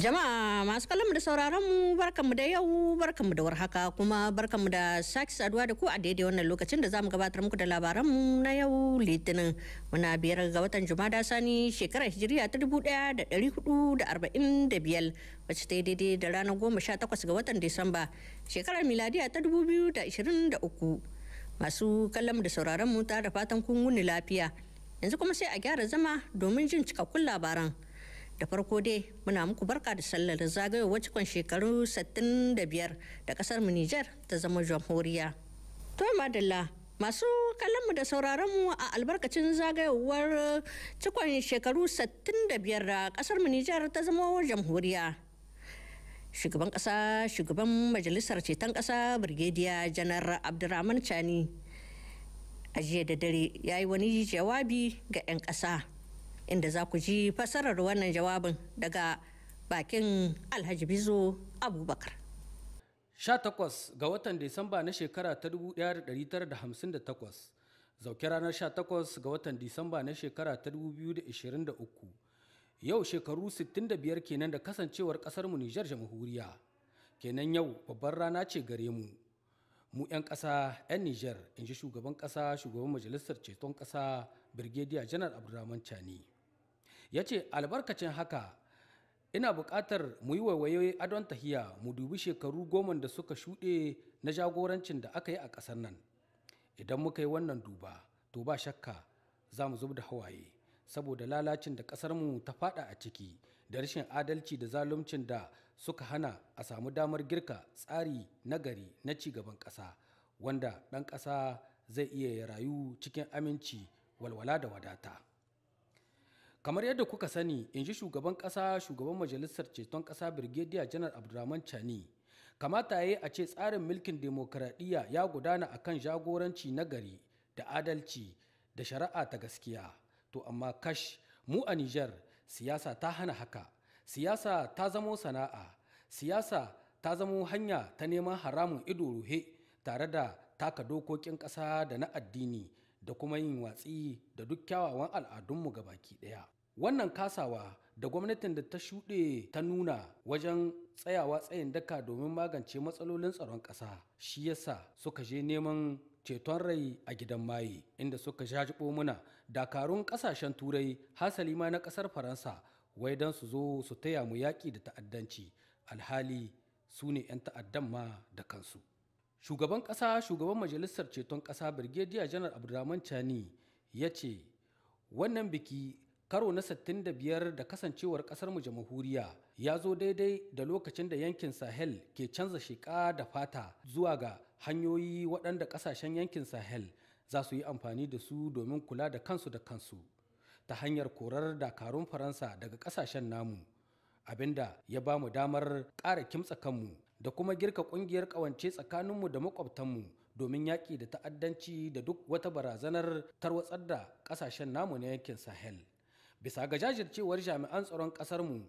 Jama'a masu kallon da sauraron mu barkanmu da yau barkanmu da warhaka kuma barkanmu da sake saduwa da ku a daidai wannan lokacin da zamu gabatar muku da labaran mu na yau Litinin muna biyar ga watan Jumada Sani shekarar Hijiriya ta 1445 wacce ta daidai da ranar 18 ga watan Disamba shekarar miladiya ta 2023 masu kallon da sauraron mu ta da fatan kun wuni lafiya yanzu kuma sai a gyara zama domin jin cikakkun labaran. da farko dai muna muku barka da sallar zagayowar cikon shekaru 65 da kasar mu Nijar ta zama jamhuriya. To madalla masu kallonmu da sauraronmu a albarkacin zagayowar cikon shekaru 65 da kasar mu Nijar ta zama jamhuriya. Shugaban kasa shugaban majalisar ceton kasa Birgediya Janar Abdurrahman Chani a jiya da dare ya yi wani jawabi ga 'yan kasa. inda za ku ji fasarar wannan jawabin daga bakin alhaji bizo abubakar 18 ga watan disamba na shekara ta 1958 zauke ranar 18 ga watan disamba na shekara ta 2023 yau shekaru 65 kenan da kasancewar kasarmu nijar jamhuriya kenan yau babbar rana ce gare mu mu 'yan ƙasa 'yan nijar in ji shugaban ƙasa shugaban majalisar ceton ƙasa birgediya janar abdulrahman chani ya ce albarkacin haka ina buƙatar mu yi waiwaye adon tahiya mu dubi shekaru goma da suka shuɗe na jagorancin da aka yi a ƙasar nan idan muka yi wannan duba to ba shakka za mu zub da hawaye saboda lalacin da ƙasarmu ta faɗa a ciki da rashin adalci da zaluncin da suka hana a samu damar girka tsari na gari na ci gaban ƙasa wanda ɗan ƙasa zai iya rayu cikin aminci walwala da wadata. kamar yadda kuka sani in ji shugaban kasa shugaban majalisar ceton kasa birgediya janar abdulrahman chani kamata ya yi a ce tsarin mulkin demokaradiyya ya gudana a kan jagoranci nagari da adalci da shari'a ta gaskiya to amma kash mu a nijar siyasa ta hana haka siyasa ta zamo sana'a siyasa ta zamo hanya ta neman haramun ido ruhe tare da taka dokokin kasa da na addini da kuma yin watsi da duk kyawawan al'adunmu ga baki ɗaya. Wannan kasawa da gwamnatin da ta shuɗe ta nuna wajen tsayawa tsayin daka domin magance matsalolin tsaron ƙasa shi yasa suka je neman ceton rai a gidan maye inda suka jajibo muna dakarun ƙasashen turai hasali ma na ƙasar faransa wai don su zo su taya mu yaƙi da ta'addanci alhali su ne 'yan ta'addan ma da kansu shugaban ƙasa shugaban majalisar ceton ƙasa birgediya janar abdulrahman chani ya ce wannan biki karo na 65 da kasancewar ƙasarmu jamhuriya ya zo daidai da lokacin da yankin sahel ke canza sheƙa da fata zuwa ga hanyoyi waɗanda ƙasashen yankin sahel za su yi amfani da su domin kula da kansu da kansu ta hanyar korar dakarun faransa daga ƙasashen namu abinda ya ba mu damar ƙara kimtsa kanmu da kuma girka kungiyar kawance tsakaninmu da makwabtanmu domin yaƙi da ta'addanci da duk wata barazanar tarwatsar da ƙasashen namu na yankin sahel bisa ga jajircewar jami'an tsaron ƙasarmu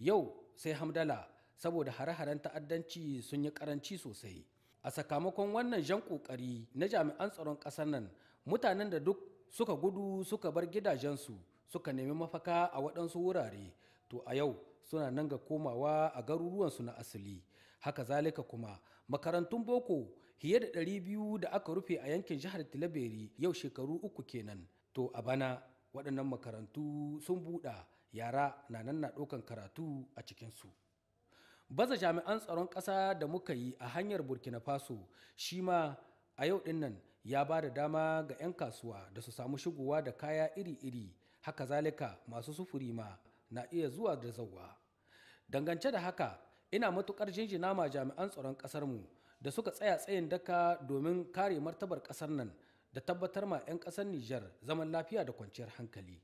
yau sai hamdala saboda hare-haren ta'addanci sun yi ƙaranci sosai a sakamakon wannan jan ƙoƙari na jami'an tsaron ƙasar nan mutanen da duk suka gudu suka bar gidajensu suka nemi mafaka a waɗansu wurare to a yau suna nan ga komawa a garuruwansu na asali haka zalika kuma makarantun boko fiye da 200 da aka rufe a yankin jihar tilaberi yau shekaru uku kenan to a bana waɗannan makarantu sun buɗa yara na nan na ɗaukan karatu a cikinsu baza jami'an tsaron ƙasa da muka yi a hanyar burkina faso shi ma a yau ɗin nan ya ba da dama ga 'yan kasuwa da su samu shigowa da kaya iri-iri haka zalika masu sufuri ma na iya zuwa da zauwa dangance da haka ina matukar jinjina ma jami'an tsaron ƙasarmu da suka tsaya tsayin daka domin kare martabar ƙasar nan da tabbatar ma 'yan ƙasar Nijar zaman lafiya da kwanciyar hankali.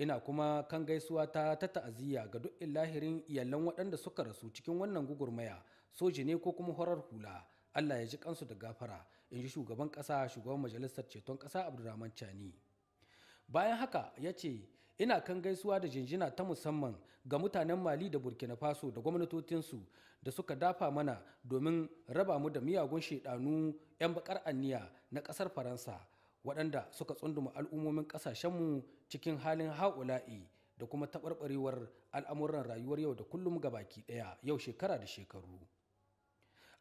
Ina kuma kan gaisuwa ta ta ta'aziyya ga duk lahirin iyalan waɗanda suka rasu cikin wannan gugurmaya soji ne ko kuma horar hula. Allah ya ji kansu da gafara in ji shugaban ƙasa shugaban majalisar ceton ƙasa Abdulrahman Chani. Bayan haka ya ce ina kan gaisuwa da jinjina ta musamman ga mutanen mali da burkina faso da gwamnatocinsu da suka dafa mana domin raba mu da miyagun shaidanu 'yan bakar anniya na kasar faransa waɗanda suka tsunduma al'ummomin ƙasashenmu cikin halin ha'ula'i da kuma taɓarɓarewar al'amuran rayuwar yau da kullum ga baki ɗaya yau shekara da shekaru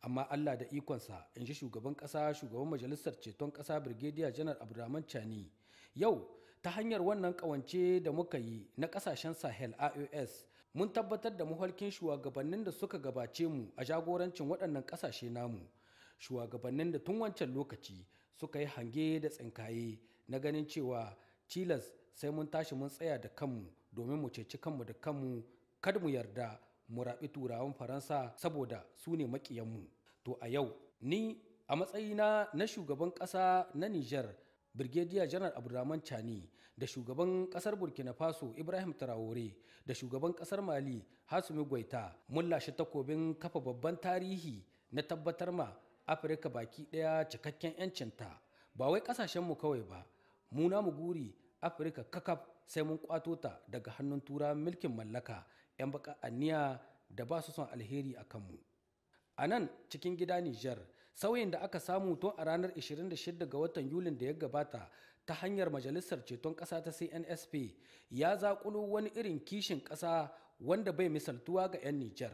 amma allah da ikonsa in ji shugaban ƙasa shugaban majalisar ceton ƙasa birgediya janar abdulrahman chani yau ta hanyar wannan kawance da muka yi na kasashen sahel ios mun tabbatar da muhalkin shugabannin da suka gabace mu a jagorancin waɗannan ƙasashe namu shugabannin da tun wancan lokaci suka yi hange da tsinkaye na ganin cewa tilas sai mun tashi mun tsaya da kanmu domin mu ceci kanmu da kanmu kada mu yarda mu raɓi turawan faransa saboda su ne maƙiyanmu to a yau ni a matsayina na shugaban ƙasa na niger Birgediya Janar Abdurrahman Chani da shugaban kasar Burkina Faso Ibrahim Traore da shugaban kasar Mali Hasumi Gwaita mun lashe takobin kafa babban tarihi na tabbatar ma Afirka baki ɗaya cikakken 'yancinta ba wai mu kawai ba mu namu guri Afirka kakaf sai mun kwato ta daga hannun tura mulkin mallaka 'yan baka aniya da ba su son alheri a kanmu. A nan cikin gida Nijar Sauyin da aka samu tun a ranar 26 ga watan Yulin da ya gabata ta hanyar Majalisar Ceton Ƙasa ta CNSP ya zaƙulo wani irin kishin ƙasa wanda bai misaltuwa ga 'yan Nijar,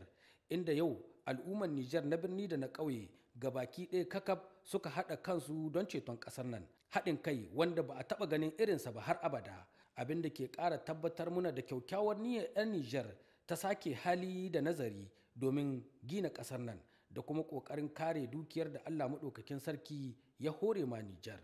inda yau al'ummar Nijar na birni da na ƙauye ga baki ɗaya kakab suka haɗa kansu don ceton ƙasar nan. Haɗin kai wanda ba a taɓa ganin irinsa ba har abada, abin da ke ƙara tabbatar muna da kyaukyawar niyyar 'yan Nijar ta sake hali da nazari domin gina ƙasar nan. da kuma ƙoƙarin kare dukiyar da Allah maɗaukakin sarki ya hore ma Nijar.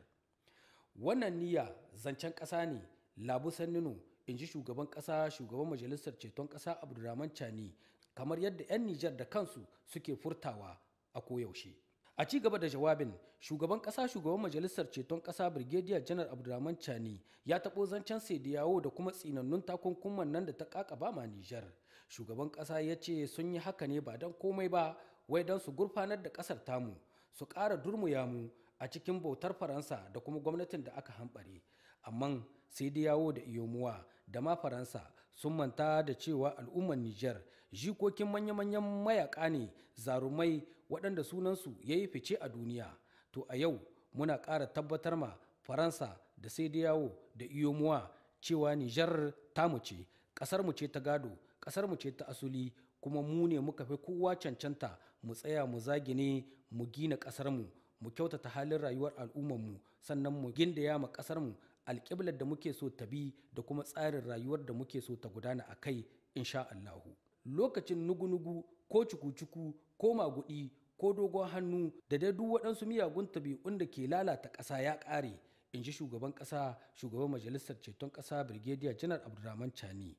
Wannan niyya zancen ƙasa ne Labu Sanino, in ji shugaban ƙasa shugaban majalisar ceton ƙasa Abdulrahman Chani kamar yadda 'yan Nijar da kansu suke furtawa a koyaushe. a ci gaba da jawabin shugaban ƙasa shugaban majalisar ceton ƙasa Birgediya janar Abdurrahman chani ya taɓo zancen sediyawo da kuma tsinannun takunkuman nan da ta ba ma nijar shugaban ƙasa ya ce sun yi haka ne ba don komai ba wai don su gurfanar da ƙasar tamu su ƙara durmuya mu a cikin bautar faransa da kuma gwamnatin da aka hambare amma sai da yawo da iyomuwa da ma faransa sun manta da cewa al'ummar Nijar jikokin manya-manyan mayaka ne zarumai waɗanda sunansu ya yi fice a duniya to a yau muna ƙara tabbatar ma faransa da sai da yawo da iyomuwa cewa niger tamu ce ƙasarmu ce ta gado ƙasarmu ce ta asuli kuma mu ne muka fi kowa cancanta mu tsaya mu zage ne mu gina ƙasarmu mu kyautata halin rayuwar al'ummar mu sannan mu gindaya ma ƙasarmu alƙiblar da muke so ta bi da kuma tsarin rayuwar da muke so ta gudana a kai insha Allahu. Lokacin nugunugu ko cuku-cuku ko maguɗi ko dogon hannu da dai duk waɗansu miyagun tabi'un da ke lalata ƙasa ya ƙare in ji shugaban ƙasa shugaban majalisar ceton ƙasa birgediya janar abdulrahman chani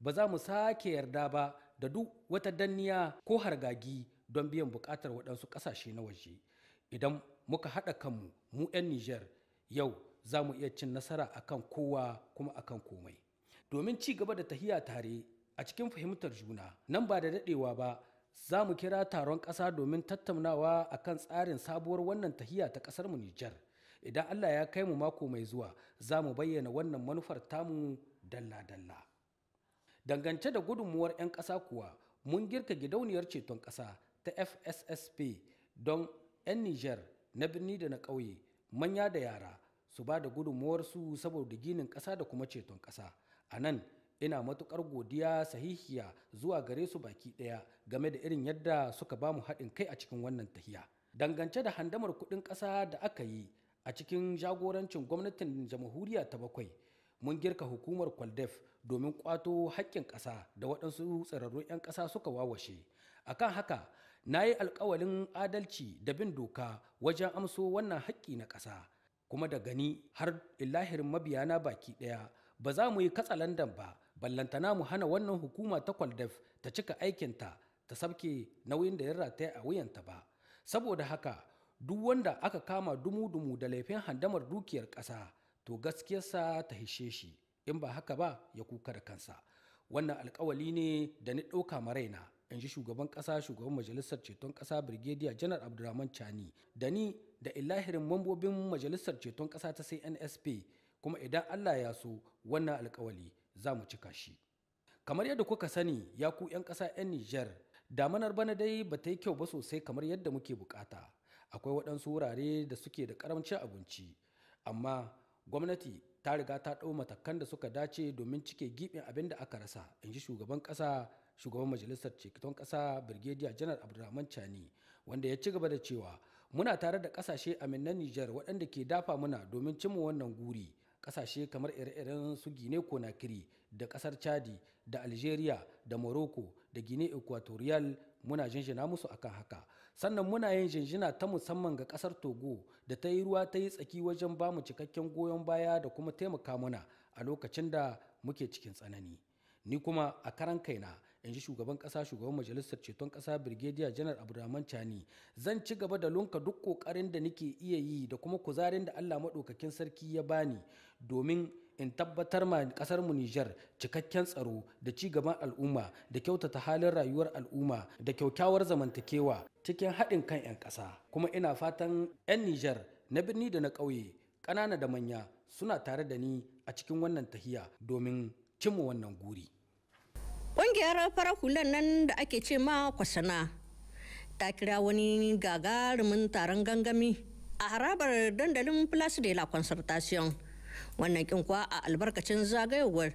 ba za mu sake yarda ba da duk wata danniya ko hargagi don biyan bukatar waɗansu ƙasashe na waje idan muka haɗa kanmu mu 'yan niger yau za mu iya cin nasara akan kowa kuma akan komai domin ci gaba da tahiya tare a cikin fahimtar juna nan ba da daɗewa ba za mu kira taron ƙasa domin tattaunawa a kan tsarin sabuwar wannan tahiya ta ƙasar mu niger idan allah ya kai mu mako mai zuwa za mu bayyana wannan manufar tamu dalla-dalla dangance da gudunmuwar 'yan ƙasa kuwa mun girka gidauniyar ceton ƙasa ta FSSP don 'yan Nijar na birni da na ƙauye manya da yara su ba da su saboda ginin ƙasa da kuma ceton ƙasa. A nan ina matuƙar godiya sahihiya zuwa gare su baki ɗaya game da irin yadda suka ba mu haɗin kai a cikin wannan tahiya. Dangance da handamar kuɗin ƙasa da aka yi a cikin jagorancin gwamnatin jamhuriya ta bakwai mun girka hukumar kwaldef domin ƙwato haƙƙin ƙasa da waɗansu tsirarrun 'yan ƙasa suka wawashe akan haka na yi alkawalin adalci da bin doka wajen amso wannan haƙƙi na ƙasa kuma da gani har ilahirin mabiyana baki ɗaya ba za mu yi katsalandan ba ballantana mu hana wannan hukuma ta kwaldaf ta cika aikinta ta sabke nauyin da ya rataya a wuyanta ba saboda haka duk wanda aka kama dumu-dumu da laifin handamar dukiyar ƙasa to gaskiyarsa ta hishe shi in ba haka ba ya kuka da kansa wannan alkawali ne da ni ɗauka maraina in ji shugaban ƙasa shugaban majalisar ceton ƙasa Birgediya janar abdulrahman chani da ni da ilahirin mambobin majalisar ceton ƙasa ta sai nsp kuma idan allah ya so wannan alkawali za mu cika shi kamar yadda kuka sani ya ku 'yan ƙasa 'yan niger damanar bana dai ba ta yi kyau ba sosai kamar yadda muke bukata akwai waɗansu wurare da suke da karamcin abinci amma gwamnati ta riga ta ɗau matakan da suka dace domin cike giɓin abin da aka rasa in ji shugaban ƙasa shugaban majalisar ceton ƙasa birgediya janar abdulrahman Cani. wanda ya ci gaba da cewa muna tare da ƙasashe aminan nijar waɗanda ke dafa muna domin cimma wannan guri ƙasashe kamar ire-iren su gine konakiri da ƙasar chadi da algeria da morocco da gine equatorial muna jinjina musu akan haka sannan muna yin jinjina ta musamman ga ƙasar togo da ta yi ruwa ta yi tsaki wajen ba mu cikakken goyon baya da kuma taimaka muna a lokacin da muke cikin tsanani ni kuma a karan kaina in ji shugaban kasa shugaban majalisar ceton kasa birgediya janar abdulrahman chani zan ci gaba da lunka duk kokarin da nake iya yi da kuma kuzarin da allah maɗaukakin sarki ya bani domin in tabbatar ma kasar mu Nijar cikakken tsaro da ci gaban al'umma da kyautata halin rayuwar al'umma da kyaukyawar zamantakewa cikin haɗin kan 'yan ƙasa kuma ina fatan 'yan Nijar na birni da na ƙauye ƙanana da manya suna tare da ni a cikin wannan tahiya domin cimma wannan guri. Ƙungiyar farar hular nan da ake ce ma kwasana ta kira wani gagarumin taron gangami a harabar dandalin Place de Concertation. Wannan kin a albarkacin zagayowar